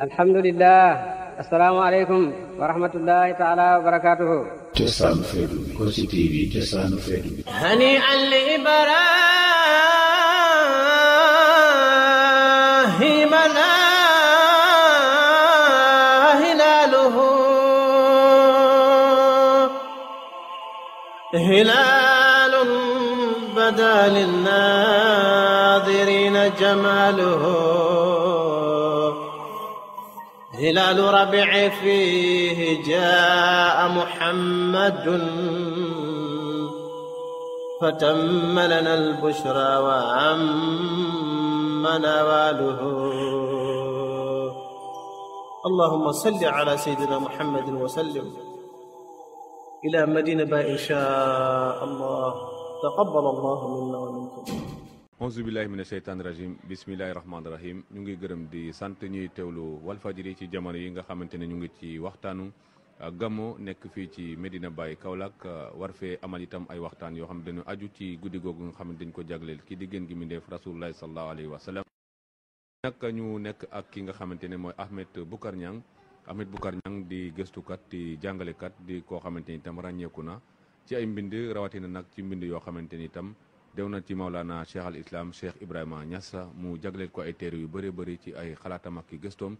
الحمد لله السلام عليكم ورحمة الله تعالى وبركاته جسان فيدو كوسي تي في جسان فيدو هنيئا لإبراهيم لا هلاله هلال بدا للناظرين جماله هلال ربيع فيه جاء محمد فتم لنا البشرى وعم نواله اللهم صل على سيدنا محمد وسلم إلى مدينة إن شاء الله تقبل الله منا ومنكم onze billahi mina sheytaani rajim bismillahi rahmaani rahim ñu ngi gërëm di sant ñuy teewlu Walfadjri ci jamono yi nga xamante ne ñu ngi ci waxtaanu uh, Gammo nekk fii ci Medina bàyyi Kaolack uh, war fee amal itam ay waxtaan yoo xam ne dañu aju ci guddi googu nga xam ne dañ ko jagleel ki di gën gi mu ndeef rasulullahi sallallahu alayhi wa sallam nag ñu nekk ak ki nga xamante ne mooy Ahmed Boucar Niang Ahmed Boucar Niang di gëstukat di jàngalekat di koo xamante ni itam ràññeeku na ci ay mbind rawatina nag ci mbind yoo xamante ni itam dew na ci Maulana Cheikh al Islam Cheikh Ibrahima Niass mu jagleel ko ay téere yu bëree bëri ci ay xalaatam ak i gëstoom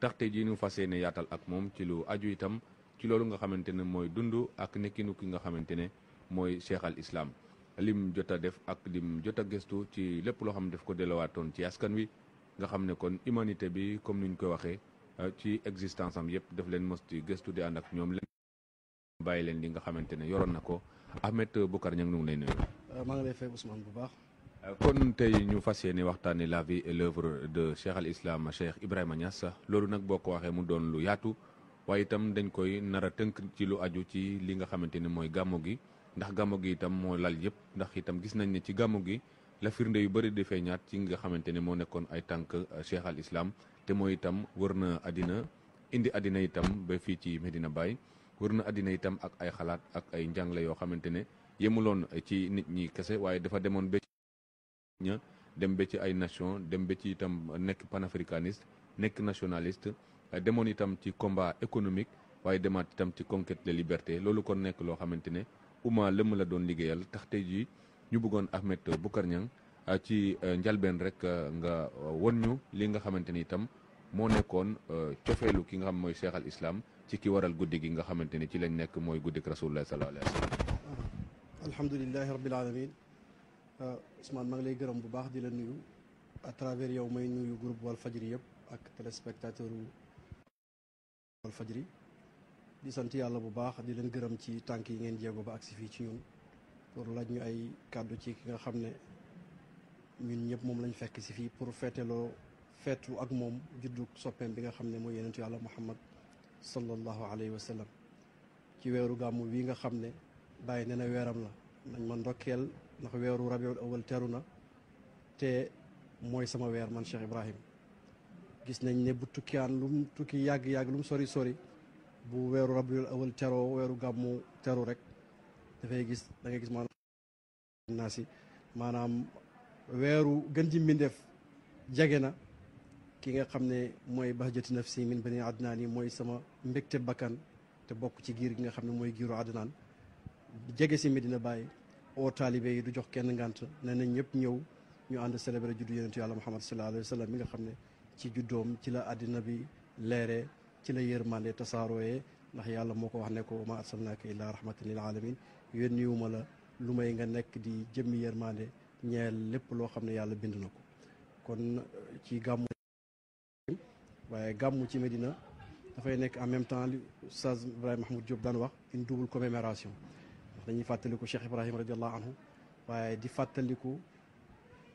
taxte ji ñu fas yéene yaatal ak moom ci lu aju itam ci loolu nga xamante ne mooy dund ak nekkinu ki nga xamante ne mooy Cheikh al Islam lim jot def ak lim jot a gëstu ci lépp loo xam ne daf ko delluwaatoon ci askan wi nga xam ne kon humanité bi comme ni ñu ko waxee euh, ci existence am yëpp daf leen mos di gëstu di ànd ak ñoom leen bàyyi leen li nga xamante ne yoroon na ko Ahmed Boucar ña ngi lay nuyu. Euh, maa ngi lay fay Ousmane bu baax. Euh, kon tey ñu fas yéene la vie et l'œuvre de Cheikh al Islam Cheikh Ibrahima Niass loolu nag boo ko waxee mu doon lu yaatu waaye itam dañ koy nar a tënk ci lu aju ci li nga xamante ni mooy gàmmu gi ndax gàmmu gi itam moo lal yëpp ndax itam gis nañ ne ci gàmmu gi la firnde yu bëri di feeñaat ci nga xamante ne moo ay tànk euh, Cheikh al Islam te mooy itam wër na àddina indi àddina itam ba fii ci Medina bay, wër na àddina itam ak ay xalaat ak ay njàngale yoo xamante yemuloon ci nit ñi kese waaye dafa demoon ba ci dem ba ci ay nations dem ba ci itam nekk panafricaniste nekk nationaliste demoon itam ci combat économique waaye demaat itam ci conquête de liberté loolu kon nekk loo xamante ne Ouma lëmm la doon liggéeyal tax tey jii ñu bëggoon Ahmed Boucar ñang ah, ci euh, njalbeen rek euh, nga euh, won ñu li nga xamante ni itam moo nekkoon cofeelu ki nga xam mooy Cheikh al Islam ci ki waral guddi gi nga xamante ni ci lañ nekk mooy guddik Rasulullah sallallahu alayhi wa الحمد لله رب العالمين اسما ماغلي غرام بو باخ دي لا نيو اترافير يومي نيو غروب والفجر ياب اك تيلي سبيكتاتور والفجر دي سانت يالا بو باخ دي لن غرام تي تانكي نين ديغو با اكسي في تي نيون بور لاج ني اي كادو تي كيغا خامني نين ياب موم لاج فك سي في بور فيتلو فيتو اك موم جودوك سوبين بيغا خامني مو يننت يالا محمد صلى الله عليه وسلم كي ويرو غامو ويغا خامني bàyyi nee na weeram la ma ndokkeel ndax weeru rabiul awal teru na te mooy sama weer man Cheikh Ibrahim gis nañ ne bu tukkiyaan lu mu tukki yàgg-yàgg lu mu sori sori bu weeru rabiul awal teroo weeru gàmmu teru rek dafay gis da gis maanaam si maanaam weeru gën ji mbindeef jege na ki nga xam ne mooy bahjati si min bani adnaan yi mooy sama mbégte bakkan te bokk ci giir gi nga xam ne mooy giiru adnaan jege si Medina bàyyi oo taalibe yi du jox kenn ngant ne nañ ñëpp ñëw ñu ànd célébré juddu yonentu yàlla Muhammad sallallahu alayhi wa sallam mi nga xam ne ci juddoom ci la àddina bi leeree ci la yërmande tasaarooyee ndax yàlla moo ko wax ne ko ma arsalnaaka illaa rahmatan lil alamin yónni wu ma la lu may nga nekk di jëmmi yërmande ñeel lépp loo xam ne yàlla bind na ko kon ci gàmmu waaye gàmmu ci Medina dafay nekk en même temps li Oustaz Ibrahima Mahmoud Diop wax une double commémoration dañuy fàttaliku Cheikh Ibrahim radiallahu anhu waaye di fàttaliku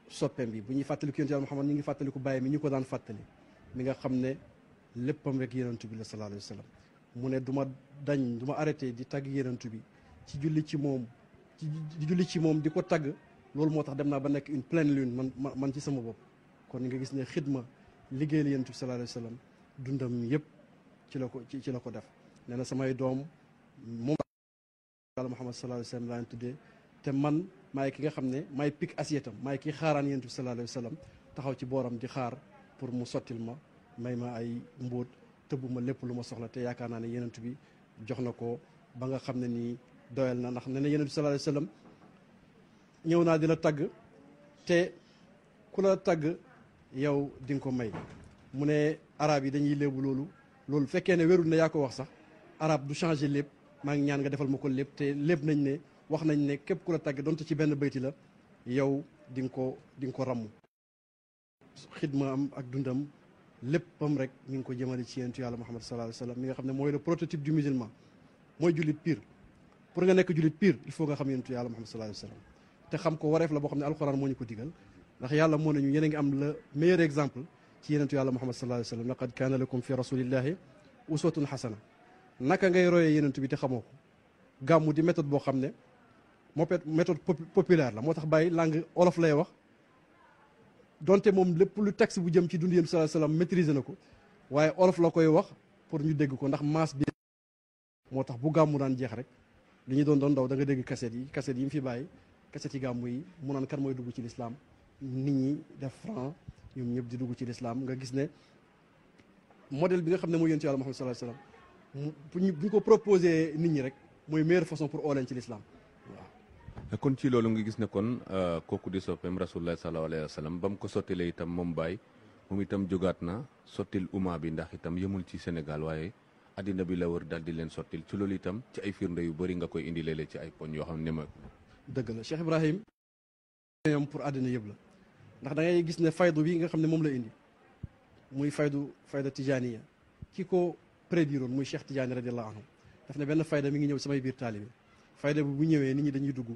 soppeem bi bu ñuy fàttaliku yonent yàlla Muhammad ñu ngi fàttaliku bàyyi mi ñu ko daan fàttali mi nga xam ne léppam rek yonent bi la sallallahu alayhi wa sallam mu ne du ma dañ du ma arrêté di tagg yonent bi ci julli ci moom ci di julli ci moom di ko tagg loolu moo tax dem naa ba nekk une pleine lune man man ci sama bopp kon nga gis ne xidma liggéeyal yonent bi sallallahu alayhi wa dundam yëpp ci la ko ci la ko def nee na samay doom moom Yàlla Muhammad sallallahu alayhi wa sallam te man maay ki nga xam ne maay pik asiyetam maay ki xaaraan yonent bi sallallahu alayhi taxaw ci booram di xaar pour mu sottil ma may ma ay mbóot tëbbu ma lépp lu ma soxla te yaakaar naa ne yonent bi jox na ko ba nga xam ne nii doyal na ndax ne na yonent bi sallallahu ñëw naa di tagg te ku la tagg yow di nga ko may mu ne arab yi dañuy léebu loolu loolu fekkee ne wérul na yaa ko wax sax arab du changer lépp maa ngi ñaan nga defal ma ko lépp te lépp nañ ne wax nañ ne képp ku la tàgg donte ci benn bayti la yow di nga ko di nga ko ràmm xidma am ak dundam léppam rek mi ngi ko jëmale ci yentu yàlla Muhammad sallallahu alayhi wa sallam mi nga xam ne mooy le prototype du musulman mooy jullit pire pour nga nekk jullit pire il faut nga xam yentu yàlla Muhammad sallallahu alayhi wa sallam te xam ko wareef la boo xam ne alxuraan moo ñu ko digal ndax yàlla moo nañu yéen a ngi am le meilleur exemple ci yenentu yàlla Muhammad sallallahu alayhi wa sallam laqad kaana lakum fi rasulillahi uswatun hasana naka ngay royee yenent bi te xamoo ko gàmmu di méthode boo xam ne moo pop populaire la moo tax bàyyi lang olof lay wax donte moom lépp lu texte bu jëm ci dund yéen sallallahu alayhi wasallam maîtriser na ko waaye olof la koy wax pour ñu dégg ko ndax maas bi moo tax bu gàmmu daan jeex rek li ñu doon doon daw da nga dégg kaset yi kaset yi mu fi bàyyi kaset yi gàmmu yi mu naan kan mooy dugg ci lislaam nit ñi def franc ñoom ñëpp di dugg ci lislaam nga gis ne modèle bi nga xam ne mooy yéen ci yàlla Muhammad sallallahu buñ ko proposé nit ñi rek moy meilleure façon pour olen ci l'islam waaw. kon ci lolu nga gis ne kon euh, koku di sopem rasulullah sallallahu Alaihi Wasallam. bam ko soti le itam moom Baye moom itam jógaat na sottil umma bi ndax itam yemul ci senegal waye adina bi la wër di len sottil ci lolu itam ci ay firnde yu bari nga koy indi lele ci ay pon yo xam ne ma. deug la Cheikh Ibrahim. ñom pour adina yeb la ndax da ngay gis ne faydu bi nga xam ne la indi muy faydu fayda tijaniya kiko. prédiroon muy Cheikh Tidiane radiallahu anhu daf ne benn fayda mi ngi ñëw samay biir taalibe fayda bi bu ñëwee nit ñi dañuy dugg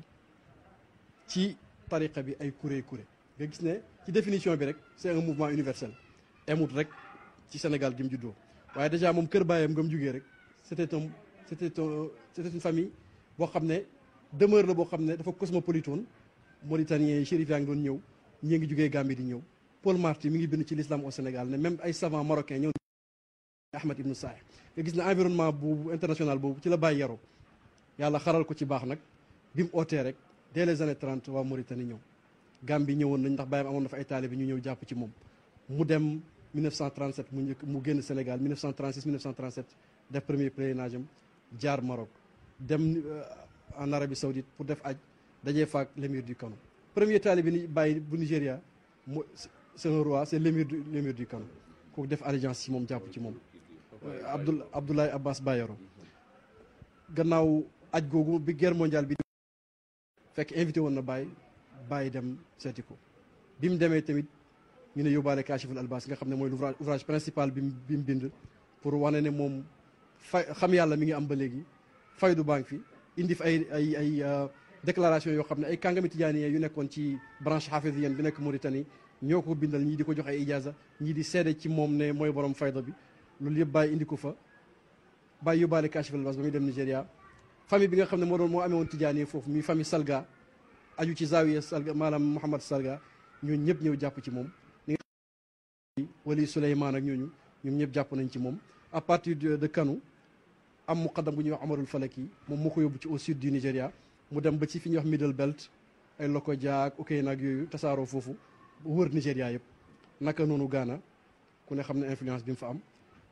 ci tariqa bi ay kuré kuré nga gis ne ci définition bi rek c'est un mouvement universel emut rek ci Sénégal gi mu juddoo waaye déjà moom kër baayam nga mu jugee rek c'était un c'était un c'était une famille boo xam ne demeure la boo xam ne dafa cosmopolitoon mauritanien chérif yaa ngi doon ñëw ñii ngi jugee Gambie di ñëw ngi bind ci l'islam au même ay savants marocains Ahmed Ibn Saih nga gis ne environnement bu international boobu ci la bàyyi yaroo yàlla xaral ko ci baax nag bi mu ootee rek dès les années 30 waa Mauritanie ñëw Gambie ñëwoon nañ ndax bàyyam amoon na fa ay taalibe ñu ñëw jàpp ci moom mu dem 1937 mu njëkk mu génn Sénégal 1936 1937 def premier pèlerinage am jaar Maroc dem euh, en Arabie Saoudite pour def aj dajee faak l'émir du Kano premier taalibe ni bàyyi bu Nigéria mu c'est un roi c'est l'émir du l'émir du Kano kooku def allégeance ci moom jàpp ci moom Euh, Abdoul Abdoulaye Abbas Bayero gannaaw aj googu bi guerre mondiale bi fekk invité woon na Baye Baye dem seeti ko bi mu demee tamit ñu ne yóbbaale Kachiful Albas nga xam ne mooy l'ouvrage ouvrage principal bi mu bi mu bind pour wane ne moom fay xam yàlla mi ngi am ba léegi faydu baa ngi fi indi fi ay ay ay euh, déclaration yoo xam ne ay kàngami tijaaniyee yu nekkoon ci branche xaafisiyen bi nekk Mauritanie ñoo ko bindal ñii di ko jox ay ijaasa ñii di seede ci moom ne mooy borom fayda bi loolu yëpp bàyyi indi ko fa bàyyi yóbbaale Kachifal Baas ba muy dem Nigéria famille bi nga xam ne moo doon moo amee woon Tijaani foofu muy famille Salga aju ci Zawiya Salga maanaam Mouhamad Salga ñooñu ñëpp ñëw jàpp ci moom. li nga wali Souleymane ak ñooñu ñoom ñëpp jàpp nañ ci moom à partir de kanu am muqaddam bu ñuy wax Amarul Falaki moom moo ko yóbbu ci au sud du Nigéria mu dem ba ci fi ñuy wax Middle Belt ay Lokoja ak Okayna nag yooyu tasaaroo foofu wër Nigéria yëpp naka noonu Ghana ku ne xam ne influence bi mu fa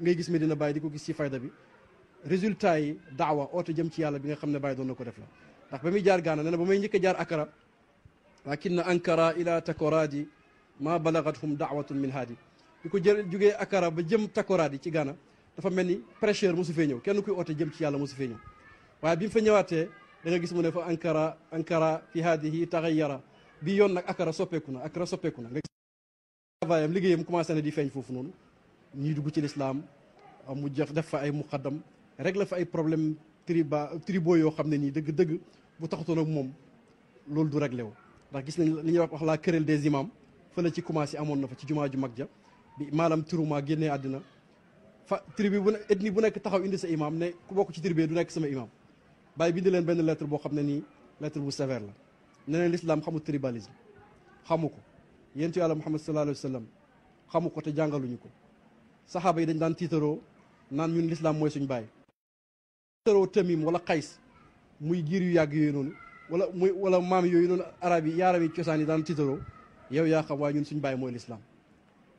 ngay gis Medina Baye di ko gis ci fayda bi résultat yi daawa oote jëm ci yàlla bi nga xam ne Baye doon na ko def la ndax ba muy jaar Gaana nee na ba may njëkk a jaar Akara lakinna ankara ila takoraadi ma balagathum daawatun min haadi bi ko jël jugee Akara ba jëm takoraadi ci Gaana dafa mel ni prêcheur mosu fee ñëw kenn kuy oote jëm ci yàlla mosu fee ñëw waaye bi fa ñëwaatee da gis mu ne fa ankara ankara fi haadihi taxayara bi yoon nag Akara soppeeku na Akara soppeeku na nga gis travail am liggéeyam commencé na di feeñ foofu noonu ñuy dugg ci lislaam mu jëf def fa ay muqaddam régler fa ay problème triba tribaux yoo xam ne nii dëgg-dëgg bu taxutoon ak moom loolu du réglé wu ndax gis nañ li ñuy wax la querelle des imams fële ci commencé amoon na fa ci jumaa ju mag ja bi maanaam turuma génnee àddina fa tribu bu ethnie bu nekk taxaw indi sa imam ne ku bokk ci tribu du nekk sama imam bàyyi bind leen benn lettre boo xam ne nii lettre bu sévère la ne leen l'islam xamul tribalisme xamu ko yentu yàlla muhammad sallallahu alayhi wa sallam xamu ko te jàngaluñu ko saxaaba yi dañ daan tiitaroo naan ñun lislaam mooy suñu baay tiitaroo tamim wala xays muy giir yu yàgg yooyu noonu wala muy wala maam yooyu noonu arab yi yaaram yi cosaan yi daan tiitaroo yow yaa xam waaye ñun suñ baay mooy lislaam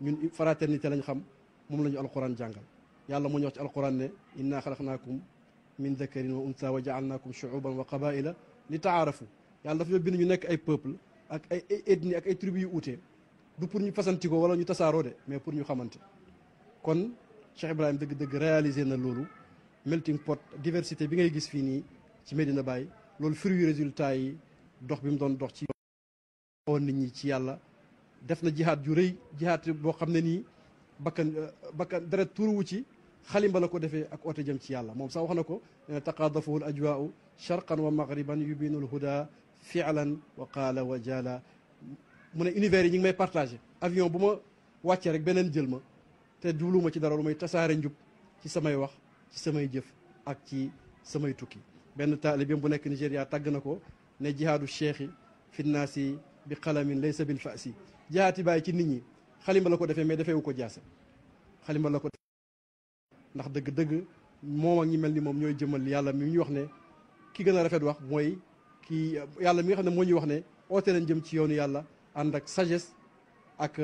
ñun fraternité lañ xam moom la ñu alquran jàngal yàlla moo ñu wax ci alquran ne naa xalaqnaakum min dakarin wa unsa wa jaalnaakum shuuban wa qabaila li taarafu yàlla dafa ñoo bind ñu nekk ay peuple ak ay ethnie ak ay tribu yu uute pour ñu fasantikoo wala ñu tasaaroo de mais pour ñu xamante kon Cheikh Ibrahima dëgg-dëgg réaliser na loolu melting pot diversité bi ngay gis fii nii ci Medina Baye loolu fruit résultat yi dox bi mu doon dox ci nit ñi ci yàlla def na jihaat ju rëy jihaat boo xam ne nii bakkan euh, bakkan deret turuwu ci xalimba la ko defee ak oote jëm ci yàlla moom sax wax na ko nee na taqaadafuhu l ajwaau sharqan wa maghriban yubinu l huda fialan wa qaala wa jala mu ne univers yi ñu ngi may partagé avion bu ma wàccee rek beneen jël ma te duwluma ci dara lu may tasaare njub ci samay wax ci samay jëf ak ci samay tukki benn taalibeem bu nekk Nigéria tàgg na ko ne jihaadu cheikhi finnaasi bi xalamin laysa bil faasi jihaati bàyyi ci nit ñi xalima la ko defee mais defeewu ko jaase xalima la ko ndax dëgg-dëgg moom ak ñi mel ni moom ñooy jëmal yàlla mi ñu wax ne ki gëna a rafet wax mooy ki yàlla mi nga xam ne moo ñuy wax ne oote leen jëm ci yoonu yàlla ànd ak sages ak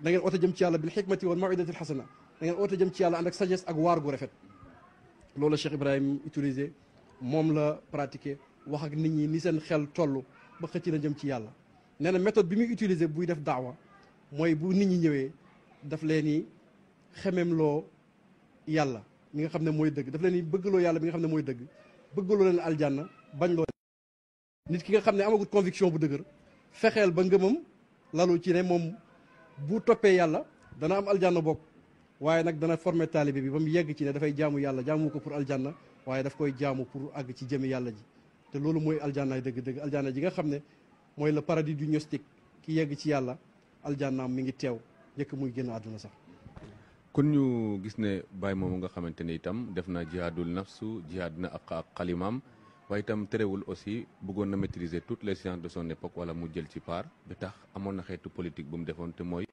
da ngeen oote jëm ci yàlla bil xikmati wal mawidati al xasana da ngeen oote jëm ci yàlla ànd ak sagesse ak waar gu rafet loolu la Cheikh Ibrahim utilisé moom la pratiqué wax ak nit ñi ni seen xel toll ba xëcc na jëm ci yàlla nee na méthode bi muy utilisé buy def daawa mooy bu nit ñi ñëwee daf leen i xemem loo yàlla mi nga xam ne mooy dëgg daf leen i bëggaloo yàlla mi nga xam ne mooy dëgg bëggaloo leen aljanna bañ loo nit ki nga xam ne amagut conviction bu dëgër fexeel ba ngëmam lalu ci ne moom bu toppee yàlla dana am aljanna bokk waaye nag dana formé taalibe bi ba mu yegg ci ne dafay jaamu yàlla jaamu ko pour aljanna waaye daf koy jaamu pour àgg ci jëmm yàlla ji te loolu mooy aljannaay dëgg-dëgg aljanna ji nga xam ne mooy le paradis du gnostique ki yegg ci yàlla aljannaam mi ngi teew njëkk muy génn àdduna sax kon ñu gis ne bàyyi moomu nga xamante ne itam def na jihaadul nafsu jihaad na ak xalimaam waaye itam terewul aussi bëggoon na maîtriser toutes les sciences de son époque wala mu jël ci part bi tax amoon na politique bu mu defoon te mooy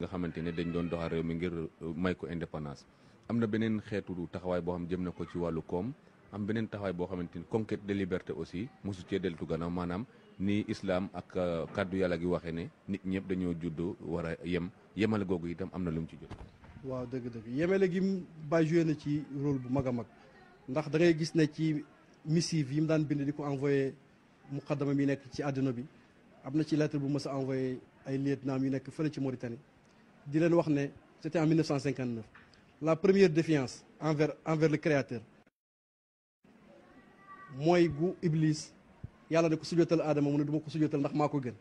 nga xamante ne dañ doon doxal réew mi ngir euh, may ko indépendance am na beneen xeetu taxawaay boo xam jëm na ko ci wàllu koom am benen taxawaay boo xamante ni conquête de liberté aussi mosu cee deltu gannaaw manam ni islam ak euh, kàddu yàlla gi waxee ne nit ñëpp dañoo juddoo war yem yemale googu itam am na lu mu ci jot. waaw dëgg-dëgg yemale gi Baye joué na ci rôle bu mag mag ndax da ngay gis ne ci missive yi mu daan bind di envoyé muqaddamam yi nekk ci aduna bi am ci lettre bu ma sa envoyé ay lieutenant yi nek fële ci Mauritanie di len wax ne c'était en 1959 la première défiance envers envers le créateur moy gu Iblis yalla ne ko sujootal adama mu ne du ko sujootal ndax mako ko gën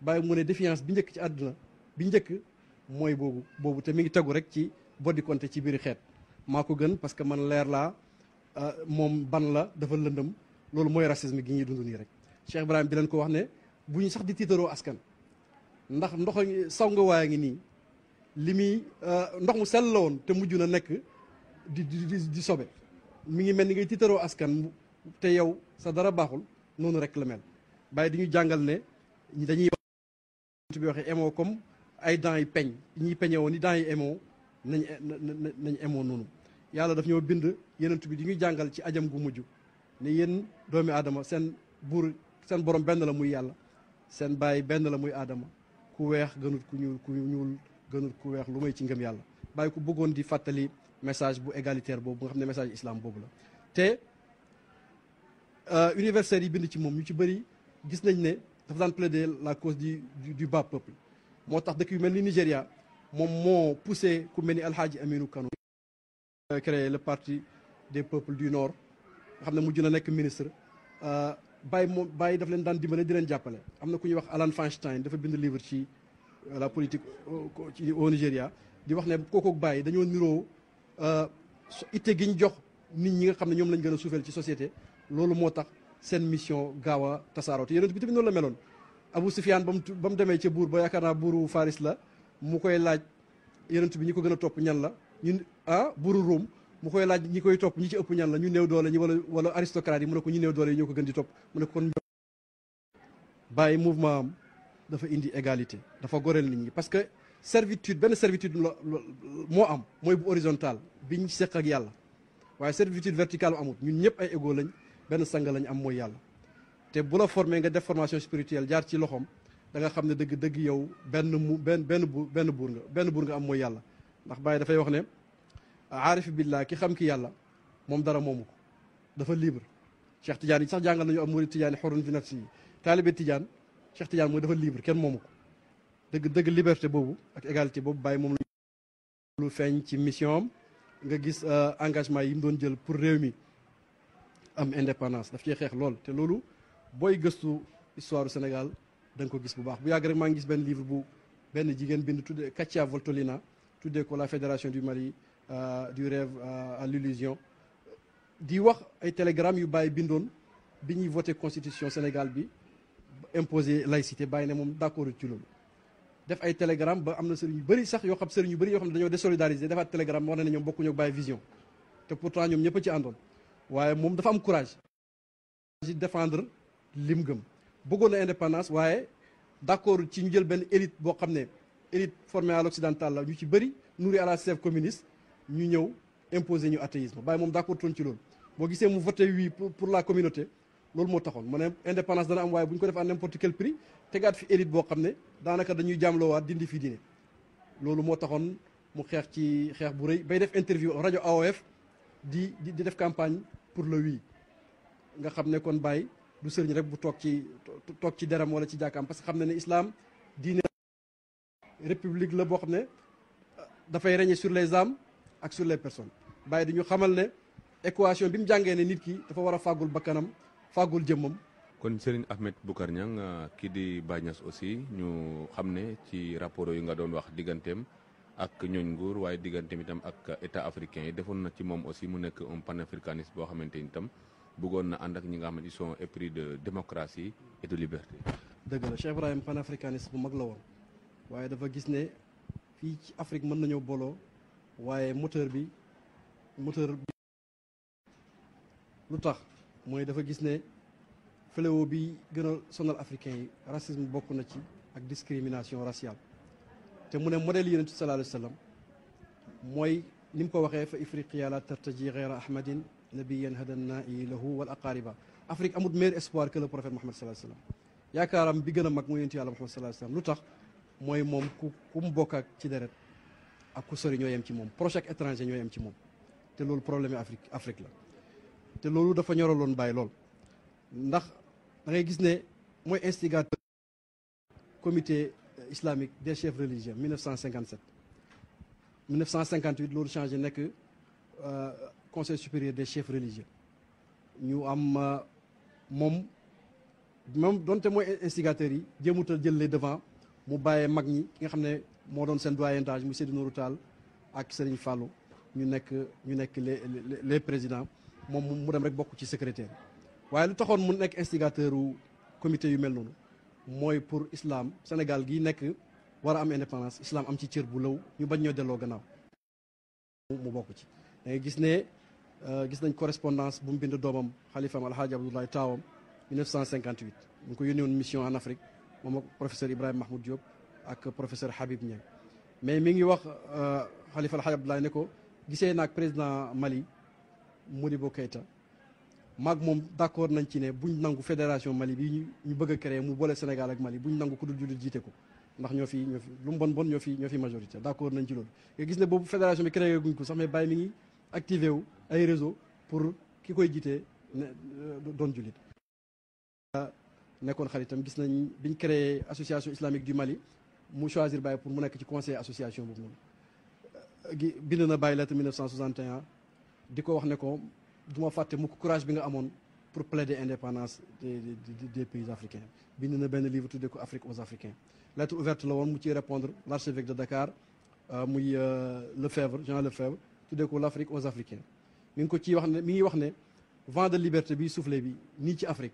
bàyyi mu ne défiance bi njëkk ci aduna bi njëkk moy bobu bobu te mi ngi tegu rek ci boddi konte ci biir xeet mako gën parce que man leer la Euh, moom ban la dafa lëndëm loolu mooy racisme gi ñuy dund nii rek Cheikh Ibrahim bi leen ko wax ne bu ñu sax di tiitaroo askan ndax ndox saw nga waay ngi nii li muy euh, ndox mu sell la woon te mujj na nekk di di di sobe mi ngi mel ni ngay tiitaroo askan te yow sa dara baaxul noonu rek la mel bàyyi di ñu jàngal ne dañuy wax bi comme ay dents yi peñ ñuy peñe woon ni dents yi émo nañ nañ émo noonu yàlla daf ñoo bind yenentu bi di ñuy jàngal ci ajam gu mujj ni yéen doomi aadama seen buur sen borom benn la muy yàlla seen bàyyi benn la muy aadama ku weex gënut ku ñuul ku ñuul gënut ku weex lu may ci ngëm yàlla bàyyi ku bëggoon di fàttali message bu égalitaire boobu nga xam ne message islam boobu la te euh, universitaires yi bind ci moom ñu ci bëri gis nañ ne dafa daan plaider la cause du du bas pëpp moo tax dëkk yu mel ni Nigéria moom moo poussé ku mel ni Alhaji Aminu Kano euh, des peuples du nord nga xam ne mujj na nekk ministre euh, Baye moom bàyyi daf leen daan dimbale di leen jàppale am na ku ñuy wax Alan Feinstein dafa bind livre ci euh, la politique ci euh, au Nigéria di wax ne kooku bàyyi dañoo niroo ite gi ñu jox nit ñi nga xam ne ñoom lañ gën a suufeel ci société loolu moo tax seen mission gaaw a tasaaroo te yonent bi tamit noonu la meloon Abu Sufyaan ba mu ba mu demee ca buur ba yaakaar naa buuru Faris la mu koy laaj yonent bi ñi ko gën a topp ñan la ñun ah buuru Rome mu koy laaj ñi koy topp ñi ci ëpp ñan la ñu néew doole ñi wala wala aristocrate yi mu ne ko ñu néew doole yi ñoo ko gën di topp mu ne ko kon bàyyi mouvement am dafa indi égalité dafa goreel nit ñi parce que servitude benn servitude la moo am mooy bu bi ñu seq ak yàlla waaye servitude verticale amut ñun ñëpp ay égo lañ benn sang lañ am mooy yàlla te bu la formé nga def formation spirituelle jaar ci loxoom da nga xam ne dëgg dëgg yow benn mu benn benn buur nga benn buur nga am mooy yàlla ndax bàyyi dafay wax ne aarif billah ki xam ki yàlla moom dara moomu ko dafa libre Cheikh Tidiane sax jàngal nañu am murid Tidiane xorun fi nafsi yi taalibe Tidiane Cheikh Tidiane mooy dafa libre kenn moomu ko dëgg dëgg liberté boobu ak égalité boobu bàyyi moom nga gis engagement yi mu doon jël pour réew mi am indépendance daf cee xeex lool te loolu booy gëstu histoire Sénégal da nga ko gis bu baax bu yàgg rek maa ngi gis benn livre bu benn jigéen bind tuddee Katia Voltolina tuddee ko la fédération du Mali Euh, du rêve euh, à l'illusion di wax ay télégramme yu bindon, bindoon bi constitution Sénégal bi imposé laïcité bàyyi ne moom d'accord ci loolu def ay télégramme ba am na sëriñ yu bëri sax yoo xam sëriñ yu xam télégramme wax ne ne ñoom bokkuñu Vision te pourtant ñoom ñëpp a ci àndoon waaye moom dafa am courage di défendre lim Beaucoup d'indépendance, ouais, d'accord ci ñu élite boo xam élite formée à l'occidental la ñu ci nourrie à la sève communiste ñu ñëw imposer ñu athéisme bay mom d'accord toon ci lool bo gisé mu voter oui pour la communauté lool mo taxone mu ne indépendance dana am way buñ ko def à n'importe quel prix té tegaat fi élite bo xamné danaka dañuy dañuy wat dindi fi diine lool mo taxone mu xeex ci xeex bu reuy bay def interview radio AOF di di def campagne pour le oui nga xamné kon bay du sëriñ rek bu tok ci tok ci deram wala ci jàkkaam parce que xamné ne islam diine république la bo xamné da fay régner sur les âmes ak sur les personnes bàyyi di ñu xamal ne équation bi mu jàngee ne nit ki dafa war a fàggul bakkanam fàggul jëmmam. kon Serigne Ahmed Boucar Niang kii di Baye Niass aussi ñu xam ne ci rapport yu nga doon wax digganteem ak ñooñ nguur waaye digganteem itam ak état africain yi defoon na ci moom aussi mu nekk un panafricaniste boo xamante ni itam bëggoon na ànd ak ñi nga xam ne ils sont épris de démocratie et de liberté. dëgg la Cheikh Ibrahim panafricaniste bu mag la woon waaye dafa gis ne ci Afrique mën nañoo booloo. waye moteur bi moteur bi lu tax dafa gis ne fléau bi gëna sonal africain yi racisme bokku na ci ak discrimination raciale te mu ne modèle yonent bi sallallahu alayhi wasallam moy nim ko waxé fa ifriqiya la tartaji ghayra ahmadin nabiyyan hadanna ilahu wal aqariba afrique amut meilleur espoir que le prophète Muhammad sallallahu alayhi wa yaakaaram bi gën a mag mooy yonent yàlla Muhammad sallallahu alayhi wa sallam lu tax ku mu bokk ak ci deret à cause de ñoo ci proche ak étranger ñoo yem ci moom te loolu problème Afrique Afrique la te loolu dafa ñoraloon bàyyi lool ndax da ngay gis ne instigateur comité euh, islamique des chefs religieux 1957 1958 loolu changé que euh, conseil supérieur des chefs religieux ñu am euh, moom moom donte mooy instigateur yi jéemutal jël les devant mu bàyyee mag ñi nga xam moo doon seen doyen d'âge mu Seydou Tall ak Serigne Fallou ñu nekk ñu nekk les les présidents moom mu dem rek bokk ci secrétaire waaye lu taxoon mu nekk instigateur comité yu mel noonu mooy pour islam Sénégal gii nekk war a am indépendance islam am ci cër bu law ñu bañ ñoo delloo gannaaw mu bokk ci da ngay gis ne euh, gis nañ correspondance bu mu bind doomam xalifaam alhaaji Abdoulaye Taawam 1958 mu ko yónni woon mission en Afrique moom ak professeur Ibrahima Mahmoud Diop ak professeur Habib Niang mais mi ngi wax euh, Khalifa al Hadj Abdoulaye ne ko gisee naag président Mali Modibo Keita maag moom d'accord nañ ci ne buñ nangu fédération Mali bi ñu bëgg a créer mu boole Sénégal ak Mali buñ nangu ku dul jullit jiite ko ndax ñoo fi ñoo fi lu mu bon bon ñoo fi ñoo fi majorité d'accord nañ ci loolu. nga gis ne boobu fédération bi créé guñ ko sax mais bàyyi mi ngi activé wu ay réseau pour ki koy jiitee ne euh, doon jullit. nekkoon xaritam gis nañ biñ créé association islamique du Mali mu choisir Baye pour mu conseil association 1961 euh, wax ne courage pour plaider indépendance des pays africains bind na livre ko aux Africains lettre ouverte la mu l'archevêque de Dakar euh, euh, Jean Lefebvre l'Afrique aux Africains mi ko le de liberté bi soufflé bi ni Afrique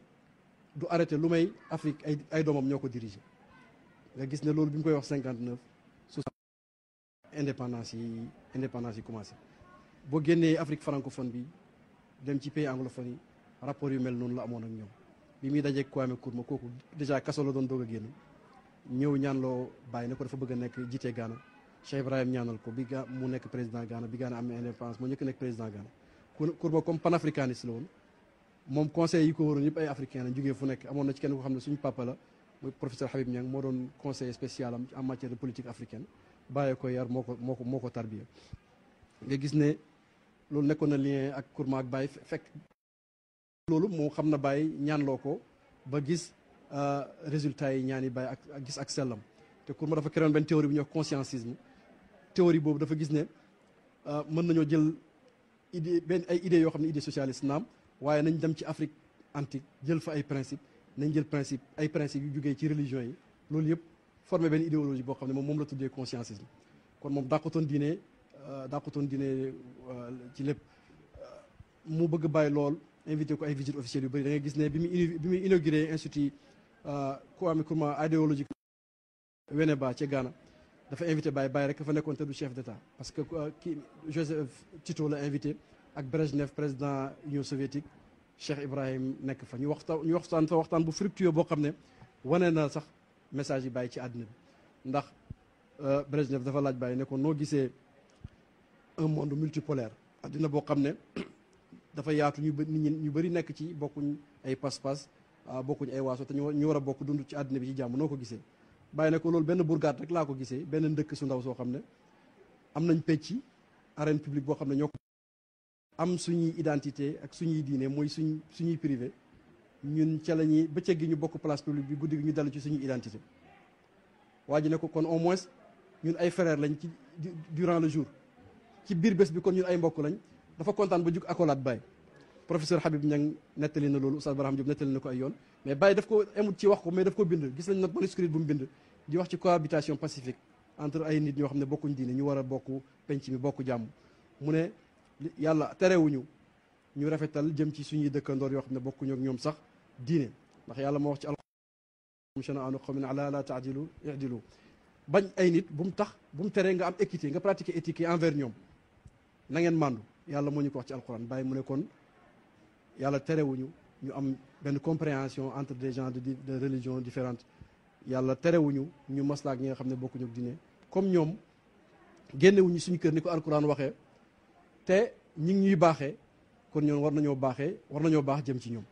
du Afrique nga gis ne loolu bi ñu koy wax 59 neuf indépendance yi indépendance yi commencé boo génnee Afrique francophone bi dem ci pays anglophone yi rapport yu mel noonu la amoon ak ñoom bi muy dajeeg Kwame Nkrumah kooku dèjà kaso la doon doog a génn ñëw ñaan loo bàyyi ne ko dafa bëgg a nekk jiite Ghana Cheikh Ibrahim ñaanal ko bi ga mu nekk président Ghana bi Ghana am indépendance moo ñëkk nekk président Ghana Nkrumah comme panafricaniste la woon moom conseil yi ko waroon yëpp ay africain la jógee fu nekk amoon na ci kenn ko xam ne suñu papa la muy professeur Habib Niang moo doon conseiller spécial am en matière de politique africaine bàyyee ko yar moo ko moo ko moo ko tarbiya nga gis ne loolu nekkoon na lien ak Kourma ak Baye fekk loolu moo xam na Baye ñaanloo ko ba gis euh, résultat yi ñaani Baye ak gis ak sellam te Kourma dafa créé benn théorie bi ñuy wax conscientisme théorie boobu dafa gis ne euh, mën nañoo jël idée benn ay idées yoo xam ne idée socialiste naam waaye nañ dem ci Afrique antique jël fa ay principe nañ jël principe ay principe yu jugee ci religion yi loolu yëpp formé benn idéologie boo xam ne moom moom la tuddee conscientisme kon moom dàqutoon diine euh, dàqutoon diine euh, ci lépp euh, mu bëgg bàyyi lool invité ko ay visite officielles yu bëri da nga gis ne bi mu bi muy inauguré institut Kwame Nkrumah idéologique Winneba ci Ghana dafa invité Baye Baye rek fa nekkoon te du chef d' état parce que ki Joseph Tito la invité ak Brejnev président Union soviétique Cheikh Ibrahim nekk fa ñu waxtaan ñu waxtaan fa waxtaan bu fructueux boo xam ne wanee na sax message yi bàyyi ci àddina bi ndax euh, Brezhnev dafa laaj bàyyi ne ko noo gisee un monde multipolaire àddina boo xam ne dafa yaatu ñu nit ñu bari nekk ci bokkuñ ay pas-pas ah, bokkuñ ay waaso te ñu war a bokk dund ci àddina bi ci jàmm noo ko gisee bàyyi ne ko loolu benn burgaat rek laa ko gisee benn ndëkk su ndaw soo xam ne am nañ pecc arène publique boo xam ne ñoo ko am suñuy identité ak suñuy diine mooy suñ suñuy privé ñun ca la ñuy bëccëg gi ñu bokk place publique bi guddi gi ñu dallu ci suñuy identité waa ji ne ko kon au moins ñun ay frères lañ ci durant le jour ci biir bés bi kon ñun ay mbokk lañ dafa kontaan ba jug accolade Baye professeur Habib Niang nettali na loolu Oustaz Barham Diop nettali na ko ay yoon mais Baye daf ko amut ci wax ko mais daf ko bind gis nañ nag manuscrit bu mu bind di wax ci cohabitation pacifique entre ay nit ñoo xam ne bokkuñ diine ñu war a bokk penc mi bokk jàmm yàlla terewuñu ñu rafetal jëm ci suñuy dëkkandoor yoo xam ne bokkuñu ak ñoom sax diine ndax yàlla moo wax ci alxuraan shana'aanu qawmin ala la ta'dilu i'dilu bañ ay nit bu mu tax bu mu teree nga am équité nga pratiquer éthique envers ñoom na ngeen màndu yàlla moo ñu ko wax ci alxuraan bàyyi mu ne kon yàlla terewuñu ñu am benn compréhension entre des gens de de religions différentes yàlla terewuñu ñu maslaak ñi nga xam ne bokkuñu ak diine comme ñoom génnewuñu suñu kër ni ko alxuraan waxee te ñi ngi ñuy baaxee kon ñoom war nañoo baaxee war nañoo baax jëm ci ñoom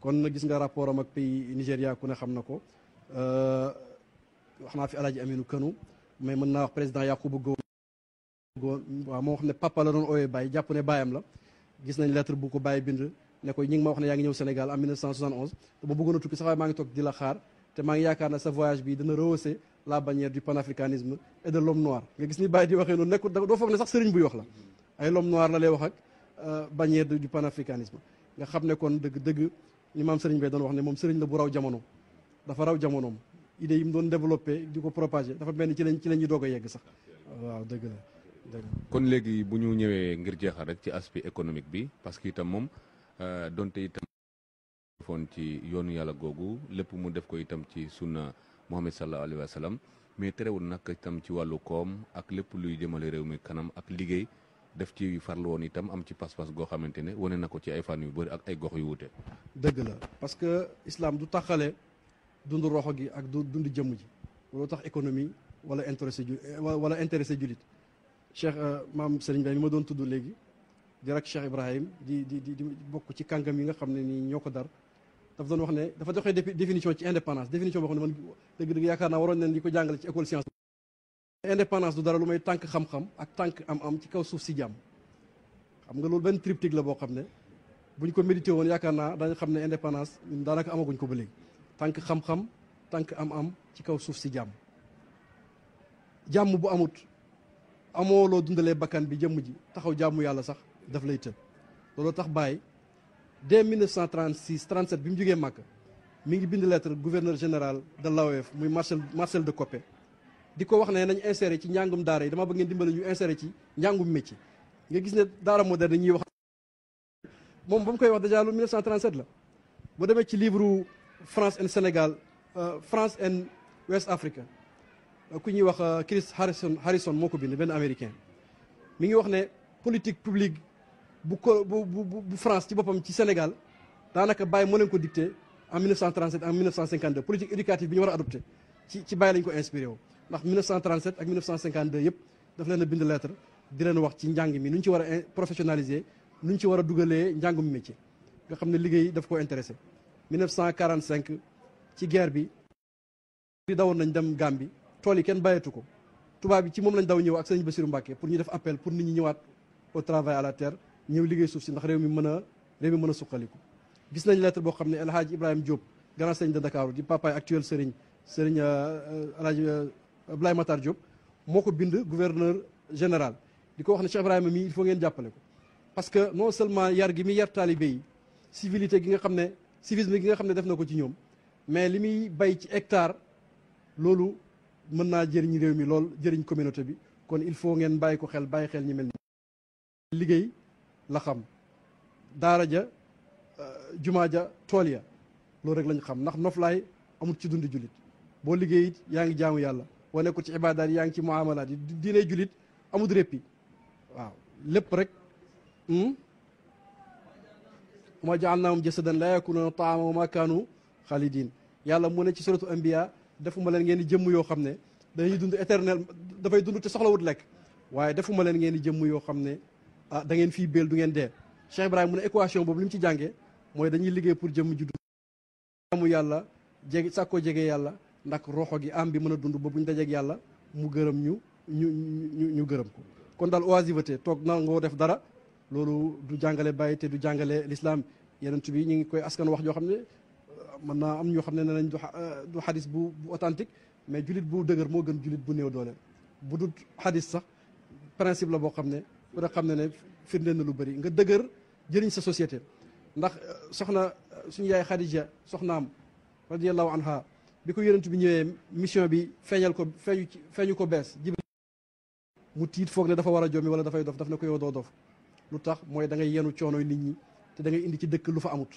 kon na gis nga rapport am ak pays Nigéria ku ne xam na ko euh, wax naa fi Alaaji naa wax président Yakubu Gow waaw moo xam la doon ooyee Baye jàpp ne baayam la gis nañ lettre bu ko Baye bind ne ko ñi ngi ma wax ne yaa ngi ñëw Sénégal en 1971 te ba bëggoon a tukki sax waaye maa ngi toog di la xaar te maa ngi yaakaar ne sa voyage bi dina rehausser la bannière du panafricanisme et de l'homme noir nga gis ni Baye di waxee noonu nekkul doo ay l'homme noir la lay wax ak euh, bannière du panafricanisme nga xam ne kon dëgg dëgg ni maam Serigne Baye doon wax ne moom Serigne la bu raw jamono dafa raw jamonoom idée yi mu doon développé di ko propagé dafa mel ni ci lañ ci la ñuy doog a yegg sax waaw dëgg la kon léegi bu ñu ñëwee ngir jeexal rek ci aspect économique bi parce que itam moom euh, donte itam foon ci yoonu yàlla googu lépp mu def ko itam ci sunna Muhammad sallallahu alayhi wa sallam mais terewul nag itam ci wàllu koom ak lépp luy jëmale réew mi kanam ak liggéey def ci farlu woon itam am ci pas-pas goo xamante ne wane na ko ci ay fànn yu bëri ak ay gox yu wuute. dëgg la parce que islam du taxale dund roxo gi ak du dund jëmm ji loolu tax économie wala intéressé ju wala intéressé julit cheikh euh, maam Serigne Baye mi ma doon tudd léegi di rek cheikh Ibrahim di di di bokk ci kàngam yi nga xam ne nii ñoo ko dar dafa doon wax ne dafa joxe définition ci indépendance définition boo xam ne man dëgg-dëgg yaakaar naa waroon nañ di ko jàngale indépendance du dara lu may tànk xam-xam ak tànk am-am ci kaw suuf si jàmm xam nga loolu benn triptyque la boo xam ne buñ ko médité woon yaakaar naa dañ xam ne indépendance ñun daanaka amaguñ ko ba léegi tànk xam-xam tànk am-am ci kaw suuf si jàmm jàmm bu amut amoo loo dundalee bakkan bi jëmm ji taxaw jàmmu yàlla sax daf lay tëb loolu tax Baye dès 1936 37 bi mu jógee Màkka mi ngi bind lettre gouverneur général de l'AOF muy Marcel Marcel de Copé di ko wax ne nañu insérer ci njàngum daara yi dama bëgg ngeen dimbale ñu insérer ci njàngum métier nga gis ne daara moderne ñuy wax moom ba mu koy wax déjà lu 1937 la boo demee ci livre France and Sénégal euh, France and West Africa euh, ku ñuy wax euh, Chris Harrison Harrison moo ko bind benn américain mu ngi wax ne politique publique bu ko bu bu France ci boppam ci Sénégal daanaka bàyyi moo leen ko dicté en 1937 en 1952 politique éducative bi ñu war a adopté ci ci bàyyi ko inspiré woo ndax 1937 ak 1952 yëpp daf leen a bind lettre di leen wax ci njàng mi nu ñu ci war a professionnaliser nu ñu ci war a dugalee njàngum métier nga xam ne liggéey daf ko intéressé 1945 ci guerre bi di dawoon nañ dem Gambie tool yi kenn bàyyeetu ko tubaab yi ci moom lañ daw ñëw ak sëñ Bassirou Mbacké pour ñu def appel pour nit ñi ñëwaat au travail à la terre ñëw liggéey suuf si ndax réew mi mën a réew mi mën a suqaliku gis nañ lettre boo xam ne El Hadj Ibrahima Diop grand sëriñ de Ndakaaru di papaay actuel sëriñ sëriñ euh, euh, El Hadj euh, Abdoulaye Matar Diop moo ko bind gouverneur général di ko wax ne Cheikh Ibrahima mii il faut ngeen jàppale ko parce que non seulement yar gi mi yar taalibe yi civilité gi nga xam ne civisme gi nga xam ne def na ko ci ñoom mais li muy bay ci hectare loolu mën naa jëriñ réew mi lool jëriñ communauté bi kon il faut ngeen bàyyi ko xel bàyyi xel ñi mel ni liggéey la xam daara ja euh, jumaa ja tool ya loolu rek lañ xam ndax noflaay amul ci dundi jullit boo liggéey yaa ngi jaamu yàlla boo nekkul ci ibaadaat yaa ngi ci muamalaat yi diine julit amut réppi waaw lépp rek ma hmm? jaalnaahum jasadan laa yakuluuna taama wa maa kaanu xaalidin yàlla mu ne ci suratu anbiya defuma leen ngeen di jëmm yoo xam ne dañuy dund éternel dafay dund te soxlawut lekk waaye defuma leen ngeen di jëmm yoo xam ne ah da ngeen fii béel du ngeen dee Cheikh Ibrahima mu ne équation boobu li mu ci jànge mooy dañuy liggéey pour jëmm juddu amu yàlla jege sàkkoo jege yàlla ndax roxo gi am bi mën a dund ba bu ñu dajeeg yàlla mu gërëm ñu ñu ñu ñu gërëm ko kon daal oisiveté toog nangoo def dara loolu du jàngale bàyyi te du jàngale lislaam yenent bi ñu ngi koy askan wax joo xam ne euh, mën naa am ñoo xam ne ne nañ euh, du xadis bu bu authentique mais julit bu dëgër moo gën julit bu néew doole bu dul xadis sax principe la boo xam ne pour a ne ne firndeel na lu bëri nga dëgër jëriñ sa société ndax euh, soxna suñu yaay Xadija soxnaam radiyallahu anha bi ko yonent bi ñëwee mission bi feeñal ko feeñu feeñu ko bees jibril mu tiit foog ne dafa war a jommi wala dafay dof daf na koy yow doo dof lu tax mooy da ngay yenu coonoy nit ñi te da ngay indi ci dëkk lu fa amut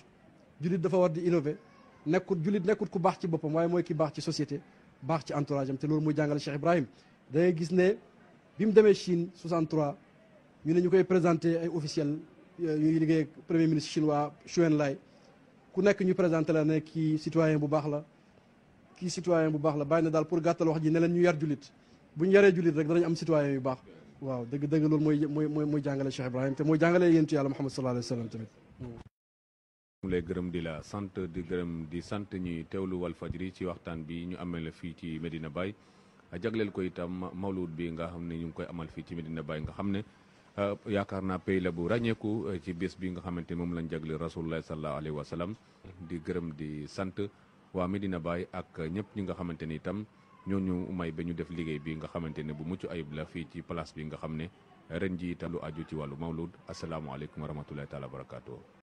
jullit dafa war di innover nekkut jullit nekkut ku baax ci boppam waaye mooy ki baax ci société baax ci entourage am te loolu muy jàngale Cheikh Ibrahim da ngay gis ne bi mu demee Chine 63 ñu ne ñu koy présenté ay officiel euh, yuy liggéey premier ministre chinois Chou ku nekk ñu présenté la ne kii citoyen bu baax la kii citoyen bu baax la bàyyi na daal pour gàttal wax ji ne leen ñu yar jullit bu ñu yaree jullit rek danañ am citoyen yu baax waaw dëgg dëgg loolu mooy mooy mooy mooy jàngale Cheikh Ibrahim te mooy jàngale yéntu yàlla Muhammad sallallahu alayhi wa sallam tamit mu lay gërëm di la sant di gërëm di sant ñuy teewlu Walfadjri ci waxtaan bi ñu amee la fii ci Medina Baye jagleel ko itam mawlud bi nga xam ne ñu ngi koy amal fii ci Medina Baye nga xam ne euh, yaakaar naa pay la bu euh, ci bés bi nga xamante moom lañ jagleel rasulullah sallallahu alayhi wa sallam di gërëm di sant waa mi dina Baye ak ñëpp ñi nga xamante ni itam ñooñu may ba ñu def liggéey bi nga xamante ne bu mucc ayib la fii ci place bi nga xam ne ren ji itam lu aju ci wàllu mawlud asalaamaaleykum wa rahmatulahi taala wa